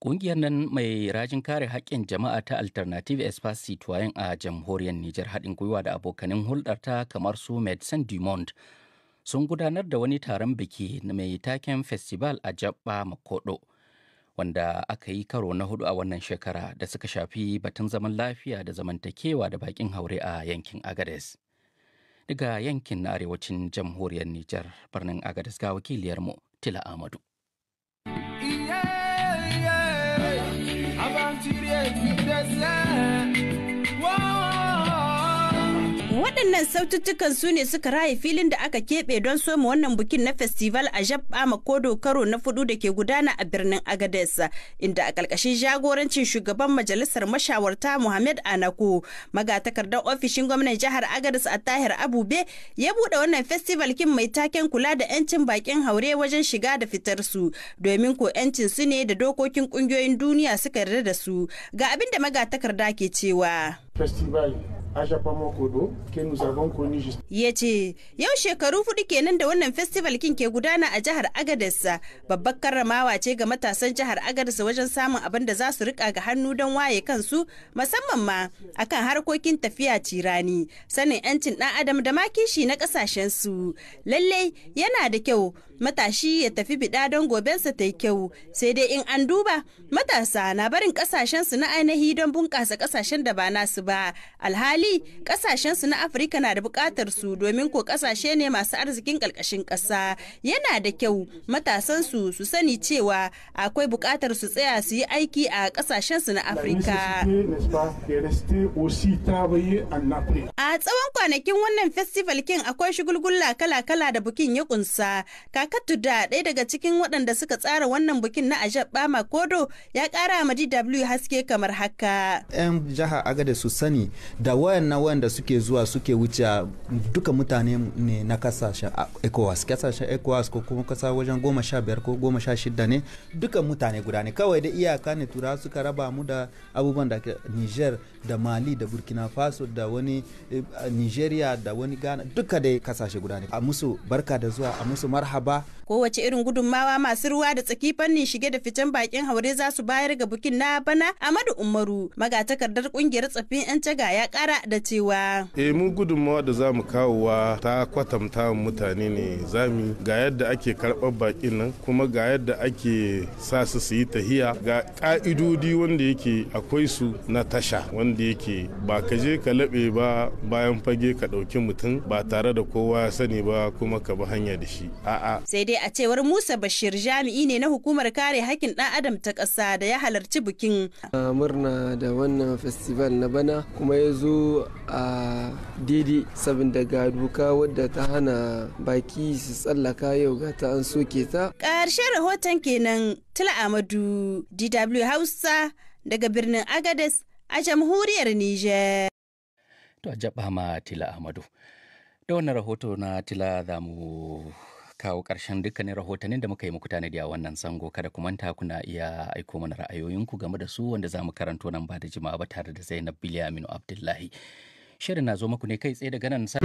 Ƙungiyar nan mai rajin kare haƙƙin jama'a ta Alternative Espace a jamhuriyar Nijar haɗin gwiwa da abokanin hulɗarta kamar su Medicine du sun gudanar da wani taron biki mai taken Festival a Jabba Makodo wanda aka yi karo na hudu a wannan shekara da suka shafi batun zaman lafiya da zamantakewa da baƙin haure a yankin Agades. Daga yankin na arewacin jamhuriyar Nijar birnin Agades ga wakiliyarmu Tila Amadu. light. Waɗannan saututtukan su ne suka raye filin da aka keɓe don soma wannan bukin na festival a Jabba Makodo karo na fudu da ke gudana a birnin Agadez, inda a ƙarƙashin jagorancin shugaban majalisar mashawarta Muhammad Anako, magatakardar ofishin gwamnan jihar Agadez a Tahir Abube ya buɗe wannan festival kin mai taken kula da 'yancin bakin haure wajen shiga da fitar su, domin ko 'yancin su ne da dokokin ƙungiyoyin duniya suka yarda da su. Ga abin da magatakarda ke cewa. ya ce yau shekaru hudu kenan da wannan festival kin ke gudana a jihar agadarsa babbar karramawa ce ga matasan jihar agadarsa wajen samun abin da za su rika ga hannu don waye kansu musamman ma akan harkokin tafiya cirani sanin yancin ɗan adam da makishi na kasashen su lallai yana da kyau matashi ya tafi bida don gobensa ta yi kyau sai dai in an duba matasa na barin kasashen su na ainihi don bunkasa kasashen da ba nasu ba alhali hali kasashensu na afirka na da bukatar su domin ko kasashe ne masu arzikin ƙarƙashin ƙasa yana da kyau matasansu su sani cewa akwai bukatar su tsaya su yi aiki a kasashensu na afirka A tsawon kwanakin wannan festival kin akwai shigulgulla kala-kala da bukin ya kunsa. kakattu da ɗaya daga cikin waɗanda suka tsara wannan bukin na Ajab Bama Kodo ya ƙara ma DW haske kamar haka. 'Yan jiha agada su sani da wayan wayan wayanda suke zuwa suke wuce duka mutane ne na kasashen ECOWAS. Kasashen ECOWAS ko kuma kasa wajen goma sha biyar ko goma sha shida ne duka mutane guda ne. Kawai da iyaka ne tura suka raba mu da abubuwan da Niger da Mali da Burkina Faso da wani nigeria da wani ghana duka dai kasashe guda ne a musu barka da zuwa a musu marhaba kowace irin gudunmawa masu ruwa da tsaki fannin shige da fitan bakin haure za su bayar ga bukin na bana amadu umaru magatakardar kungiyar tsaffin yan caga ya kara da cewa e mu gudunmawa da zamu kawowa ta kwatanta mutane ne zami ga yadda ake karɓar bakin nan kuma ga yadda ake sa su su yi tahiya ga ka'idodi wanda yake akwai su na tasha wanda yake ba ka je ka laɓe ba bayan fage ka ɗauki mutum ba tare da kowa ya sani ba kuma ka bi hanya da shi a'a sai dai a cewar Musa Bashir jami'i ne na hukumar kare hakkin ɗan adam ta ƙasa da ya halarci bikin murna da wannan festival na bana kuma ya zo a daidai saboda ga doka wadda ta hana baki su tsallaka yau ga ta an soke ta ƙarshen rahoton kenan Tula Amadu DW Hausa daga birnin Agades a jamhuriyar niger. to a jaba ma tila ahmadu da wannan rahoto na tila za mu kawo ƙarshen dukkanin rahotannin da muka yi muku tanadi a wannan sango kada ku manta kuna iya aiko mana ra'ayoyinku game da su wanda za mu karanto nan ba da jima'a ba tare da zainab bilyaminu abdullahi shirin na zo muku ne kai tsaye daga nan sa